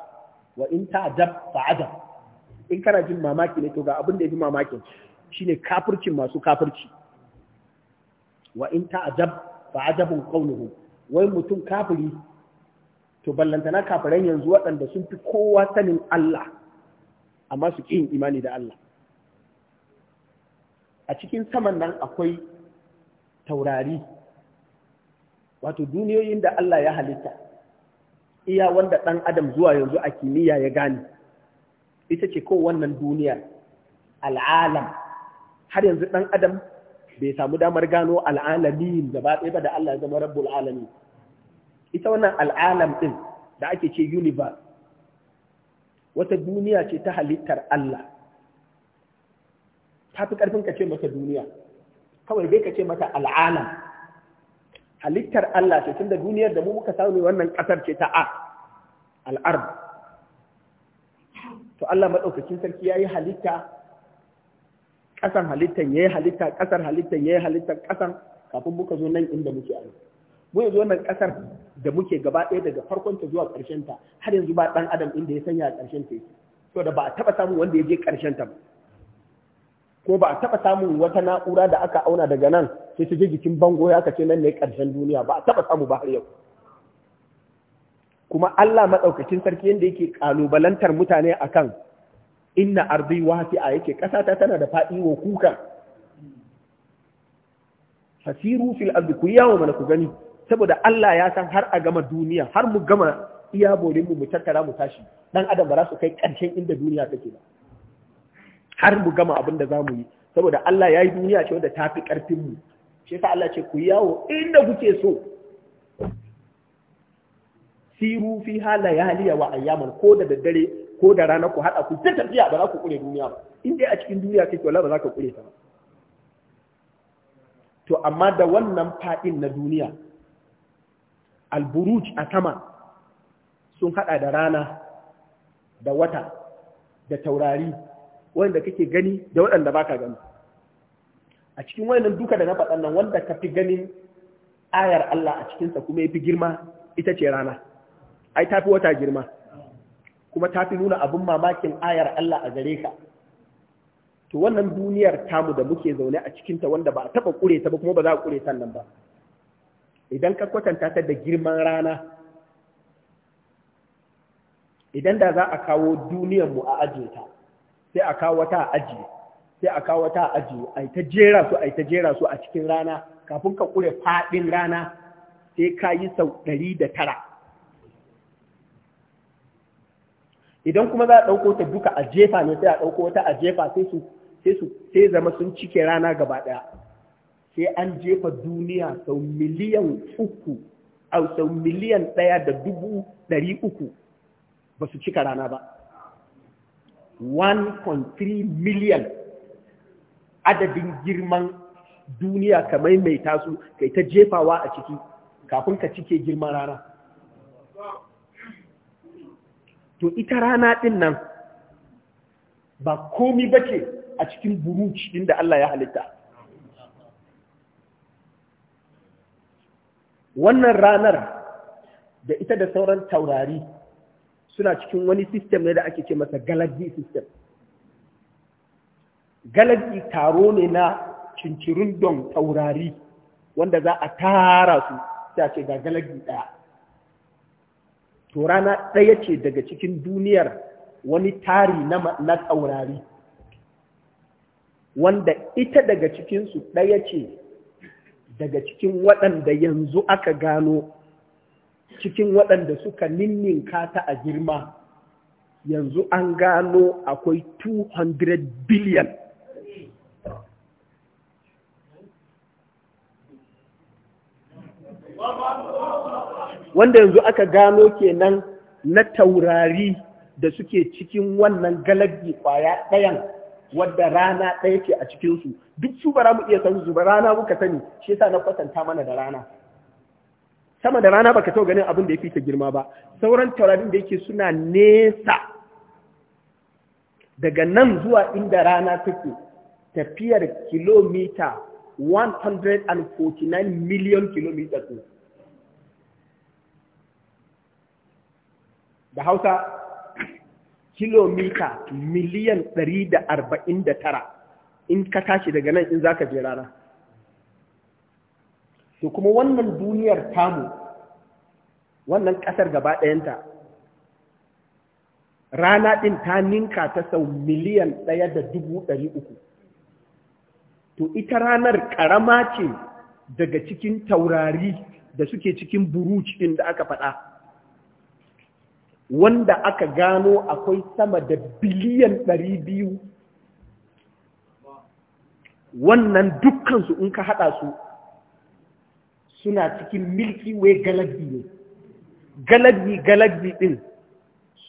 wa in ba fa'adab in kana jin mamaki ne to ga abin da ya ji mamakin shine kafircin masu kafirci wa in ba fa'adabun qawluhu wai mutum kafiri to ballantana kafiran yanzu waɗanda sun fi kowa sanin Allah amma su ƙin imani da Allah a cikin saman nan akwai taurari wato duniyoyin da Allah ya halitta iya wanda ɗan adam zuwa yanzu a kimiyya ya gane ita ce ko wannan duniya al'alam har yanzu ɗan adam bai samu damar gano al'alamin gaba ɗaya ba da Allah ya zama rabbul alami ita wannan al'alam ɗin da ake ce universe wata duniya ce ta halittar Allah ta fi ƙarfin ka ce mata duniya kawai dai ka ce mata al'alam halittar Allah ce da duniyar da mu muka samu wannan ƙasar ce ta a to Allah maɗaukakin sarki ya yi halitta ƙasan halittan ya yi halitta ƙasar halittan ya yi halittar ƙasan kafin muka zo nan inda muke a mu yanzu wannan ƙasar da muke gaba ɗaya daga farkon ta zuwa ƙarshen ta har yanzu ba ɗan adam inda ya sanya a ƙarshen ta yake to da ba a taɓa samun wanda ya je ƙarshen ta ba ko ba a taɓa samun wata na'ura da aka auna daga nan sai ta je jikin bango ya kace nan ne ƙarshen duniya ba a taɓa samu ba har yau kuma Allah maɗaukacin sarki yadda yake ƙalubalantar mutane akan inna ardi a yake ƙasa ta tana da faɗi wa kuka fasiru fil ardi ku yawo mana ku gani saboda Allah ya san har a gama duniya har mu gama iya borin mu mu tattara mu tashi dan adam ba za su kai ƙarshen inda duniya take ba har mu gama abin da za mu yi saboda Allah ya yi duniya ce wadda ta fi ƙarfin mu shi sa Allah ce ku yawo inda kuke so siru fi hala yaliya wa ayyaman ko da daddare ko da rana ku haɗa ku ta tafiya ba za ku kure duniya ba in dai a cikin duniya kake wala ba za ka kure ta ba to amma da wannan fadin na duniya alburuj a sama sun haɗa da rana da wata da taurari wanda kake gani da waɗanda ka gani a cikin wannan duka da na faɗan nan wanda ka fi ganin ayar Allah a cikinsa kuma ya fi girma ita ce rana ai ta fi wata girma kuma ta fi nuna abin mamakin ayar Allah a gare ka to wannan duniyar tamu da muke zaune a cikinta wanda ba a taɓa ƙure ta ba kuma ba za a ƙure ta nan ba idan ka kwatanta ta da girman rana idan da za a kawo duniyar mu a ajiye ta sai a kawo ta a ajiye sai a kawo ta a ajiye a ta jera su a ta jera su a cikin rana kafin ka kure faɗin rana sai ka yi sau ɗari da tara idan kuma za a ɗauko ta duka a jefa ne sai a ɗauko wata a jefa sai su sai su sai zama sun cike rana gaba ɗaya sai an jefa duniya sau miliyan uku a sau miliyan ɗaya da dubu ɗari uku ba su cika rana ba 1.3 million adadin girman duniya ka maimaita su kai ta jefawa a ciki kafin ka cike girman rana to ita rana din nan ba komi bace a cikin buruci inda Allah ya halitta wannan ranar da ita da sauran taurari suna cikin wani system ne da ake ce masa galaxy system galaxy taro ne na cincirin don taurari wanda za a tara su ta ce ga galaxy ɗaya to rana ɗaya ce daga cikin duniyar wani tari na taurari wanda ita daga cikinsu ɗaya ce daga cikin waɗanda yanzu aka gano cikin waɗanda suka ninninka ta a girma yanzu an gano akwai 200 biliyan wanda yanzu aka gano kenan na taurari da suke cikin wannan galabi ƙwaya ɗayan wadda rana ɗaya ke a cikinsu duk su ba mu iya sanzu ba rana muka sani shi sa na kwatanta mana da rana sama da rana baka so ganin abin da ya fi ta girma ba sauran taurarin da yake suna nesa daga nan zuwa inda rana take tafiyar kilomita 149 miliyan kilomita su da hausa kilomita miliyan 149 in ka tashi daga nan in za ka je rana to kuma wannan duniyar tamu wannan ƙasar gaba ɗayanta rana ɗin ta ninka ta sau miliyan ɗaya da dubu ɗari uku to ita ranar ƙarama ce daga cikin taurari da suke cikin burucin ɗin da aka faɗa wanda aka gano akwai sama da biliyan ɗari biyu wannan dukkansu in ka haɗa su suna cikin milki wai galabi ne. galabi galabi ɗin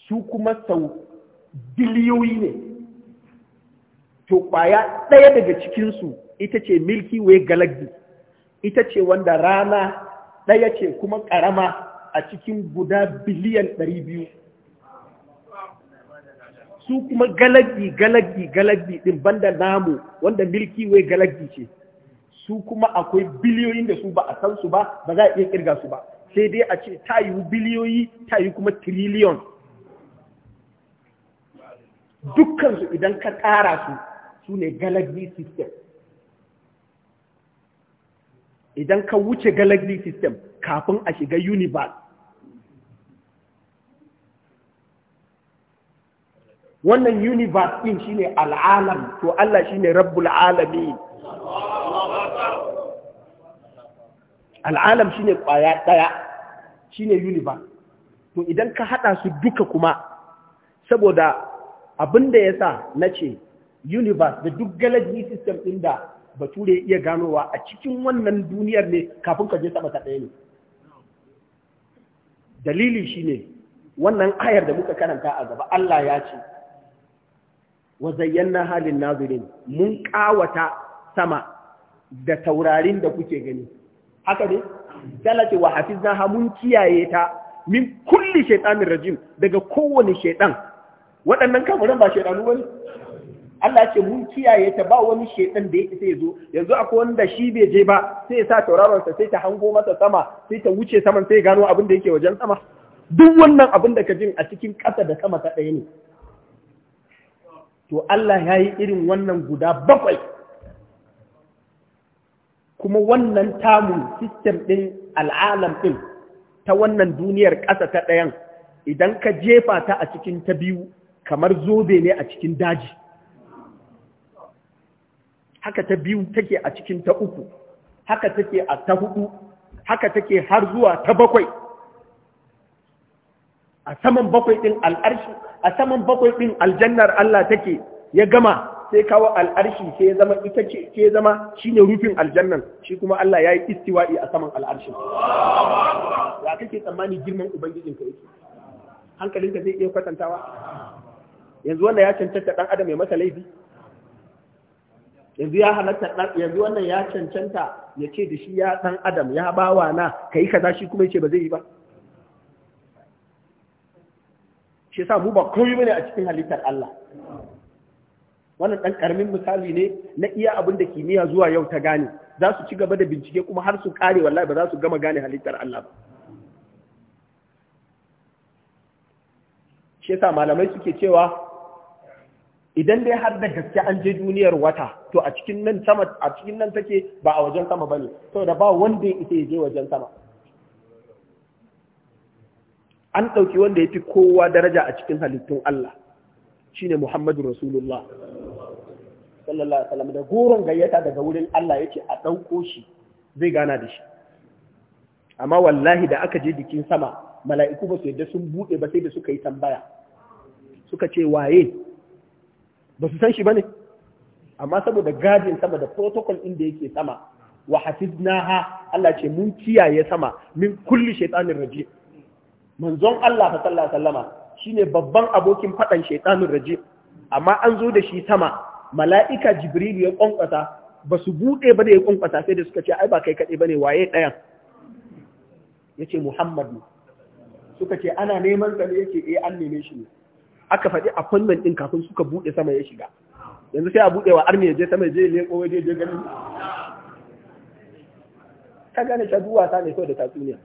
su kuma sau biliyoyi ne. To ƙwaya ɗaya daga cikinsu ita ce milki wai galabi ita ce wanda rana ɗaya ce kuma ƙarama a cikin guda biliyan ɗari biyu. Su kuma galabi galabi galabi ɗin banda namu wanda milki wai galabi ce. su kuma akwai biliyoyin da su ba a san su ba ba za a iya kirga su ba sai dai a ce ta yiwu biliyoyi ta yi kuma triliyon dukkansu idan ka tara su su ne galaxy system idan ka wuce galaxy system kafin a shiga universe wannan universe din shine al'alam to Allah shine rabbul alamin al'alam shine kwaya daya shine universe to idan ka hada su duka kuma saboda abinda yasa nace universe da duk galaxy system din da bature iya ganowa a cikin wannan duniyar ne kafin ka je sama ta ɗaya ne dalili shine wannan ayar da muka karanta a gaba Allah ya ce wa zayyana halin nazirin mun kawata sama da taurarin da kuke gani haka ne sai Allah ce wa ha mun kiyaye ta min kulli shaytanir rajim daga kowane shaytan waɗannan kafiran ba shaydanu bane Allah ce mun kiyaye ta ba wani shedan da yake sai zo yanzu akwai wanda shi bai je ba sai ya sa tauraron sa sai ta hango masa sama sai ta wuce saman sai gano abin da yake wajen sama duk wannan abin da ka jin a cikin ƙasa da sama ta ɗaya ne to Allah ya yi irin wannan guda bakwai kuma wannan tamu sistem ɗin al'alam ɗin ta wannan duniyar ƙasa ta ɗayan idan ka jefa ta a cikin ta biyu kamar zobe ne a cikin daji haka ta biyu take a cikin ta uku haka take a ta hudu haka take har zuwa ta bakwai a saman bakwai ɗin al'arshi a saman bakwai ɗin aljannar Allah take ya gama sai kawo al'arshi sai zama ita ce ke zama shine rufin aljannan shi kuma Allah ya yi istiwa'i a saman al'arshin ya kake tsammani girman ubangijin ka yake hankalinka zai iya kwatantawa yanzu wannan ya cancanta dan adam ya masa laifi yanzu ya halatta yanzu wannan ya cancanta ya ce da shi ya dan adam ya bawa na kai kaza shi kuma yace ba zai yi ba shi yasa mu ba komai bane a cikin halittar Allah wannan ɗan ƙaramin misali ne na iya abin kimiyya zuwa yau ta gane za su ci gaba da bincike kuma har su ƙare wallahi ba za su gama gane halittar Allah ba shi yasa malamai suke cewa idan dai har da gaske an je duniyar wata to a cikin nan sama a cikin nan take ba a wajen sama bane saboda ba wanda ya je wajen sama an ɗauki wanda ya fi kowa daraja a cikin halittun Allah shine Muhammadu Rasulullah sallallahu alaihi wasallam da goron gayyata daga wurin Allah yace a dauko shi zai gana da shi amma wallahi da aka je jikin sama mala'iku ba su yadda sun bude ba sai da suka yi tambaya suka ce waye ba su san shi bane amma saboda gadin sama da protocol inda yake sama wa hafiznaha Allah ce mun kiyaye sama min kulli shaytanir rajim manzon Allah sallallahu alaihi wasallama shine babban abokin fadan shaytanir rajim amma an zo da shi sama mala'ika jibrilu ya ƙwanƙwata ba su buɗe ba da ya ƙwanƙwata sai da suka ce ai ba kai kaɗe ba ne waye ɗayan ya ce muhammadu suka ce ana neman sa ne ya ce eh, an neme shi ne aka faɗi appointment ɗin kafin suka buɗe sama ya shiga yanzu sai a buɗe wa army ya je sama ya je ko waje je ganin ta gane ta ne kawai da tatsuniya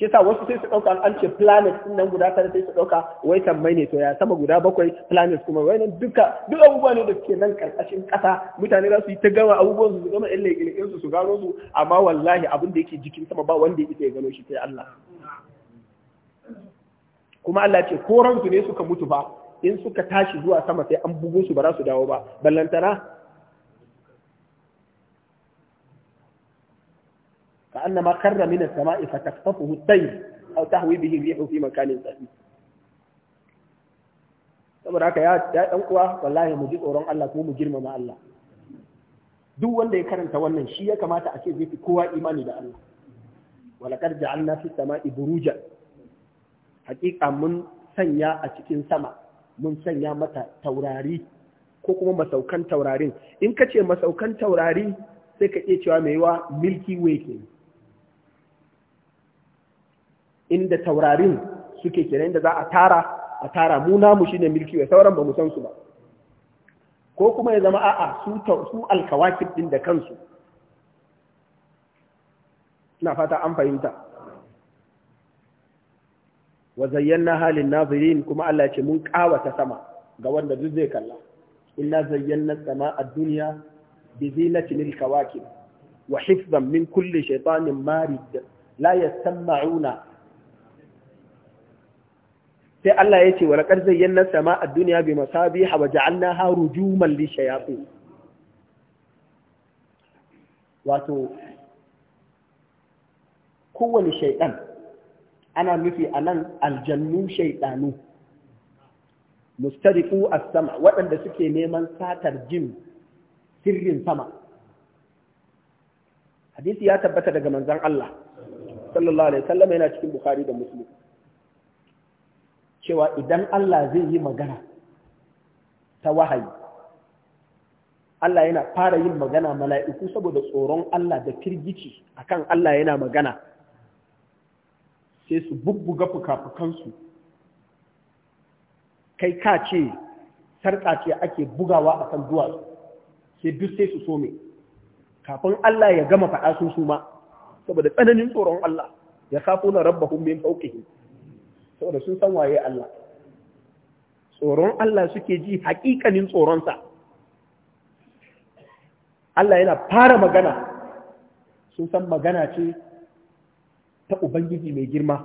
shi yasa wasu sai su ɗauka an ce planet din nan guda tare sai su ɗauka. wai tambayi ne to ya sama guda bakwai planet kuma wai nan duka duk abubuwa ne da suke nan karkashin kasa mutane za su yi ta gama abubuwan su gama ɗan leƙin su su gano su amma wallahi abin da yake jikin sama ba wanda ya ya gano shi sai Allah kuma Allah ce ko ransu ne suka mutu ba in suka tashi zuwa sama sai an bugun su ba za su dawo ba ballantana كأنما خر من السماء فتخطفه الطير أو تهوي به الريح في مكان سهيل saboda haka ya ɗan uwa wallahi mu ji tsoron Allah kuma mu girmama Allah duk wanda ya karanta wannan shi ya kamata a ce zai fi kowa imani da Allah kad ja'alna fi sama'i buruja Hakika mun sanya a cikin sama mun sanya mata taurari ko kuma masaukan taurarin in kace masaukan taurari sai ka iya cewa mai wa milky way kenan inda taurarin suke kira, inda za a tara a tara mu namu shine milki wa sauran ba mu san su ba ko kuma ya zama a'a su su alkawakib din da kansu na fata an fahimta wa zayyana halin nazirin kuma Allah ce mun kawata sama ga wanda duk zai kalla inna zayyana sama ad-dunya bi zinatin al-kawakib wa hifzan min kulli shaytanin marid la yasma'una sai Allah ya ce wa laqad zayyana sama'a ad-dunya bi masabiha Haru, Juman, rujuman lishayatin wato kowane shaiɗan ana nufi a nan aljannu shaiɗanu mustariku a sama waɗanda suke neman satar jin sirrin sama hadisi ya tabbata daga manzan Allah sallallahu alaihi wasallam yana cikin Bukhari da Muslim cewa idan Allah zai yi magana ta wahayi Allah yana fara yin magana mala'iku saboda tsoron Allah da firgici akan Allah yana magana sai su bubbuga fuka-fukansu kai ka ce sarƙa ce ake bugawa a kan duwatsu sai duk sai su so me kafin Allah ya gama faɗa sun suma saboda tsananin tsoron Allah ya kafo na rabba min ɗauke. saboda sun san waye Allah tsoron Allah suke ji hakikanin tsoronsa Allah yana fara magana sun san magana ce ta Ubangiji mai girma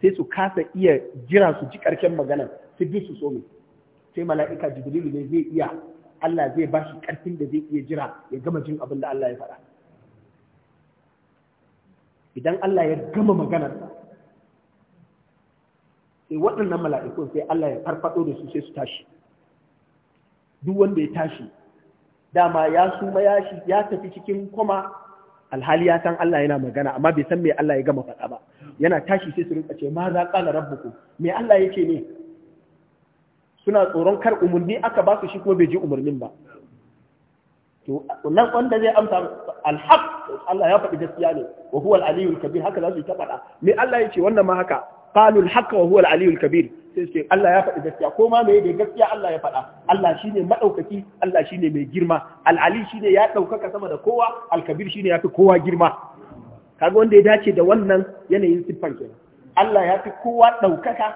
sai su kasa iya jira su ji ƙarshen magana su bi su tsomi sai mala'ika jibrilu ne zai iya Allah zai ba shi ƙarfin da zai iya jira ya gama jin abin da Allah ya faɗa. Idan Allah ya gama maganarsa. sai waɗannan mala'ikun sai Allah ya farfado da su sai su tashi duk wanda ya tashi dama ya suma ya ya tafi cikin koma alhali ya san Allah yana magana amma bai san me Allah ya gama faɗa ba yana tashi sai su rinka ce ma za qala rabbukum me Allah ya yake ne suna tsoron kar umarni aka ba su shi kuma bai ji umarnin ba to nan wanda zai amsa alhaq Allah ya faɗi gaskiya ne wa huwa al-aliyyul kabir haka za su ta faɗa me Allah ya ce wannan ma haka qalu al wa huwa al-aliyyul kabir sai Allah ya faɗi gaskiya ko ma me da gaskiya Allah ya faɗa Allah shine madaukaki Allah shine mai girma al-ali shine ya daukaka sama da kowa al-kabir shine yafi kowa girma kaga wanda ya dace da wannan yanayin siffar kenan Allah ya fi kowa daukaka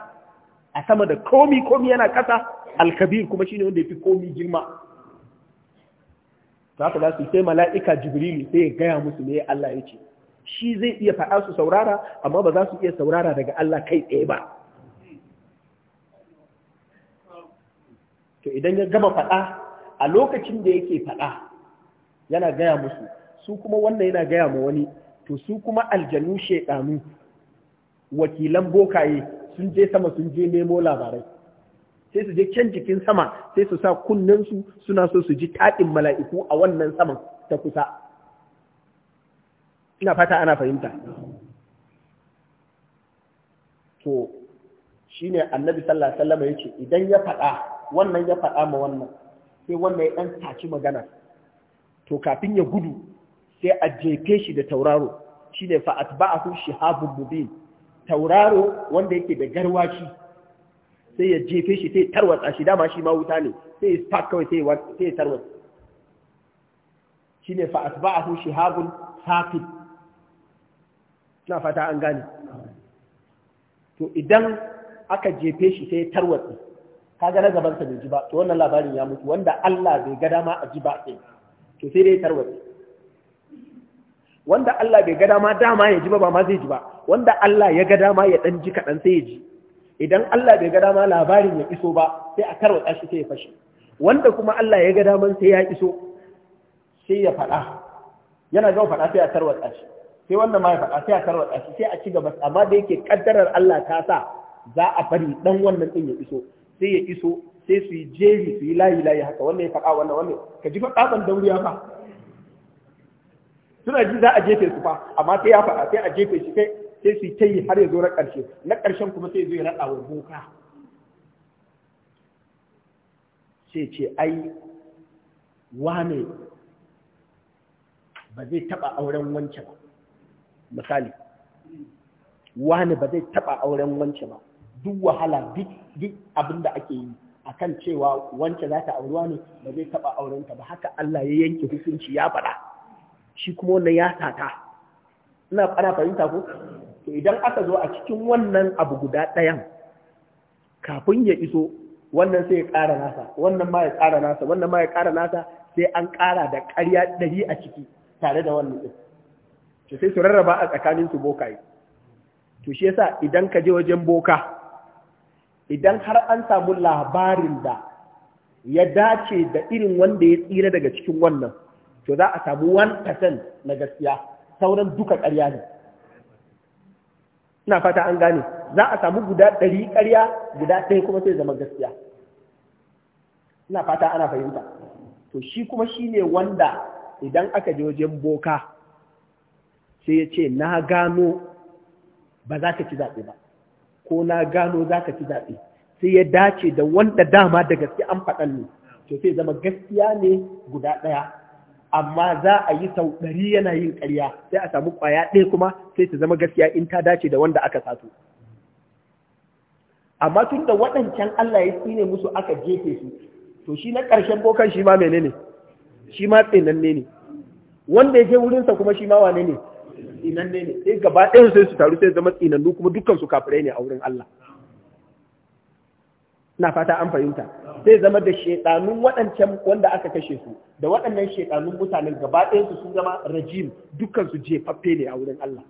a sama da komi komi yana kasa al-kabir kuma shine wanda ya fi komi girma ta haka za su sai mala'ika jibrilu sai ya gaya musu ne Allah ya ce shi zai iya faɗa su saurara amma ba za su iya saurara daga Allah kai tsaye ba to idan ya gama faɗa a lokacin da yake faɗa yana gaya musu su kuma wannan yana gaya ma wani to su kuma aljanu shaidanu wakilan bokaye sun je sama sun je nemo labarai sai su je can jikin sama sai su sa kunnensu suna so su ji taɗin mala'iku a wannan saman ta kusa ina fata ana fahimta to shine annabi sallallahu alaihi wasallam idan ya faɗa wannan ya faɗa ma wannan sai wannan ya dan taci magana to kafin ya gudu sai a jefe shi da tauraro shine fa atba'ahu shihabun mubin tauraro wanda yake da garwaki sai ya jefe shi sai tarwatsa shi dama shi ma wuta ne sai ya spark kawai sai ya tarwatsa shine fa atba'ahu shihabun safid na fata an gane to idan aka jefe shi sai tarwatsi kaga na gabansa bai ji ba to wannan labarin ya mutu wanda Allah bai ga dama a ji ba sai to sai dai tarwatsi wanda Allah bai ga dama dama ya ji ba ba ma zai ji ba wanda Allah ya ga dama ya dan ji kaɗan sai ya ji idan Allah bai ga dama labarin ya iso ba sai a tarwatsa shi sai ya fashe wanda kuma Allah ya ga daman sai ya iso sai ya faɗa yana zama faɗa sai a tarwatsa shi sai wannan ma ya faɗa sai a tarwatsa ɗaki sai a ci gaba amma da yake kaddarar Allah ta sa za a bari dan wannan din ya iso sai ya iso sai su yi jeri su yi layi layi haka wannan ya faɗa wannan wannan ka ji faɗa ban dauriya haka. suna ji za a jefe su fa amma sai ya faɗa sai a jefe shi sai sai su yi ta har ya zo na ƙarshe na ƙarshen kuma sai ya zo ya raɗa wa boka sai ce ai wane ba zai taɓa auren wancan ba misali wani ba zai taɓa auren wance ba duk wahala duk abin da ake yi akan cewa wance za ta auri wani ba zai taɓa auren ta ba haka Allah ya yanke hukunci ya faɗa shi kuma wannan ya sata ina fara fahimta ko to idan aka zo a cikin wannan abu guda ɗayan kafin ya iso wannan sai ya ƙara nasa wannan ma ya ƙara nasa wannan ma ya ƙara nasa sai an ƙara da ƙarya ɗari a ciki tare da wannan ɗin to sai su rarraba a tsakanin su bokaye to shi yasa idan ka je wajen boka idan har an samu labarin da ya dace da irin wanda ya tsira daga cikin wannan to za a samu 1% na gaskiya sauran duka ƙarya ne ina fata an gane za a samu guda ɗari ƙarya guda ɗaya kuma sai zama gaskiya ina fata ana fahimta to shi kuma shi ne wanda idan aka je wajen boka sai ya ce na gano ba za ka ci zaɓe ba ko na gano za ka ci zaɓe sai ya dace da wanda dama da gaske an faɗan ne to sai zama gaskiya ne guda ɗaya amma za a yi sau ɗari yana yin ƙarya sai a samu ƙwaya ɗaya kuma sai ta zama gaskiya in ta dace da wanda aka sato amma tun da waɗancan Allah ya tsine musu aka jefe su to shi na ƙarshen bokan shi ma menene shi ma tsinanne ne wanda ya je wurinsa kuma shi ma wane ne tsinan ne sai gaba ɗayan sai su taru sai zama tsinannu kuma dukkan su kafirai ne a wurin Allah na fata an fahimta sai zama da shaidanun waɗancan wanda aka kashe su da waɗannan shaidanun mutanen gaba ɗayan su sun zama rajim dukkan su jefaffe ne a wurin Allah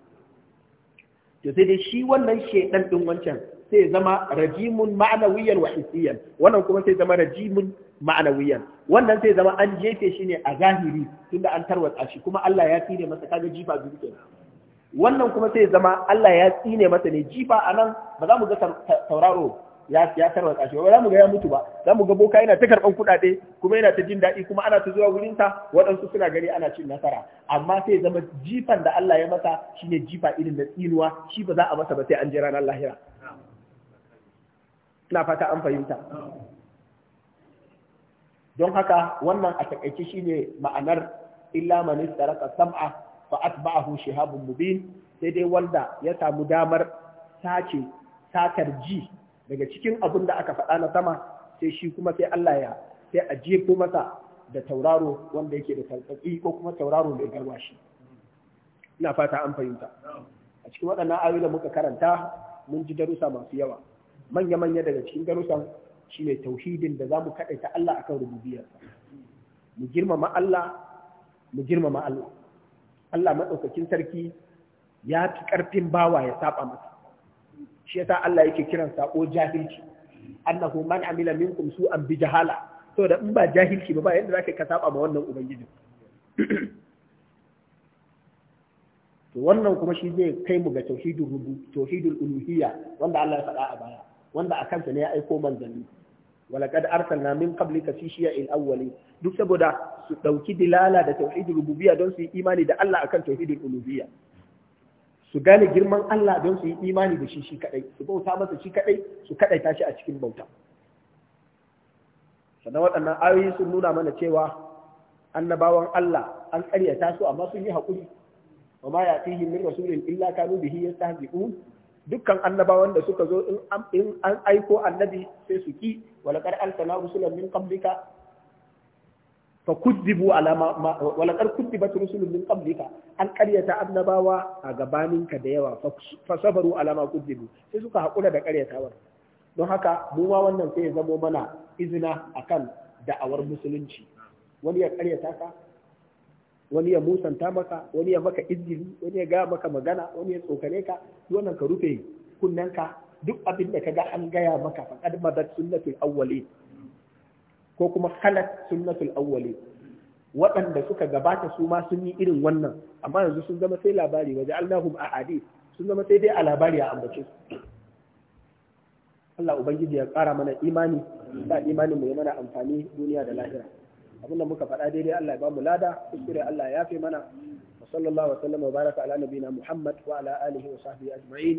to sai dai shi wannan shaidan din wancan sai zama rajimun ma'anawiyan wa hissiyan wannan kuma sai zama rajimun ma'anawiyan wannan sai zama an jefe shi ne a zahiri tunda an tarwatsa shi kuma Allah ya ne masa kaga jifa biyu kenan wannan kuma sai zama Allah ya tsine masa ne jifa a nan ba za mu ga tauraro ya ya tarwatsa shi ba za mu ga ya mutu ba za mu ga boka yana ta karban kuɗaɗe kuma yana ta jin daɗi kuma ana ta zuwa wurin sa waɗansu suna gani ana cin nasara amma sai zama jifan da Allah ya masa shine jifa irin da tsinuwa shi ba za a masa ba sai an jira ranar lahira ina fata an fahimta don haka wannan a takaice shine ma'anar illa man istaraka sam'a fa atba'ahu shihabun mubin sai dai wanda ya samu damar sace satar ji daga cikin abin da aka faɗa na sama sai shi kuma sai Allah ya sai a jefo masa da tauraro wanda yake da tantsatsi ko kuma tauraro mai garwashi ina fata an fahimta a cikin waɗannan ayoyi da muka karanta mun ji darussa masu yawa manya-manya daga cikin darussan shine tauhidin da zamu mu kaɗaita Allah akan rububiyarsa mu girmama Allah mu girmama Allah Allah maɗaukakin sarki ya fi ƙarfin bawa ya saba masa shi yasa Allah yake kiran sako jahilci annahu man amila minkum an bi jahala saboda in ba jahilci ba ba yadda zaka ka saba ma wannan ubangiji to wannan kuma shi zai kai mu ga tauhidul rubu tauhidul uluhiyya wanda Allah ya faɗa a baya wanda a kansa ne ya aiko manzanni walaqad arsalna min qablika fi shiya'il awwali duk saboda su ɗauki dilala da tauhidul rububiyya don su yi imani da Allah akan tauhidul uluhiyya su gane girman Allah don su yi imani da shi shi kadai su bauta masa shi kadai su kadaita shi a cikin bauta sannan waɗannan ayoyi sun nuna mana cewa annabawan Allah an ƙaryata su amma sun yi haƙuri wa ma ya fihi min rasulin illa kanu bihi yastahzi'un dukkan annabawan da suka zo in an aiko annabi sai su ki walaqad arsalna rusulan min qablika fakuddibu ala ma walaqad kuddibat rusulun min qablika an qaryata annabawa a gabaninka da yawa fasabaru ala ma kuddibu sai suka hakura da qaryatawar don haka mu ma wannan sai ya zamo mana izina akan da'awar musulunci wani ya karyata ka wani ya musanta maka wani ya maka izini wani ya ga maka magana wani ya tsokane ka wannan ka rufe kunnenka duk abin da kaga an gaya maka faqad madat sunnatul awwali ko kuma khalat sunnatul awwali waɗanda suka gabata su ma sun yi irin wannan amma yanzu sun zama sai labari waje allahum a adi sun zama sai dai a labari a ambace su Allah ubangiji ya ƙara mana imani da imanin mu ya mana amfani duniya da lahira abin da muka faɗa daidai Allah ya ba mu lada kuskure Allah ya fi mana wa sallallahu wa wa baraka ala nabina Muhammad wa ala alihi wa sahbihi ajma'in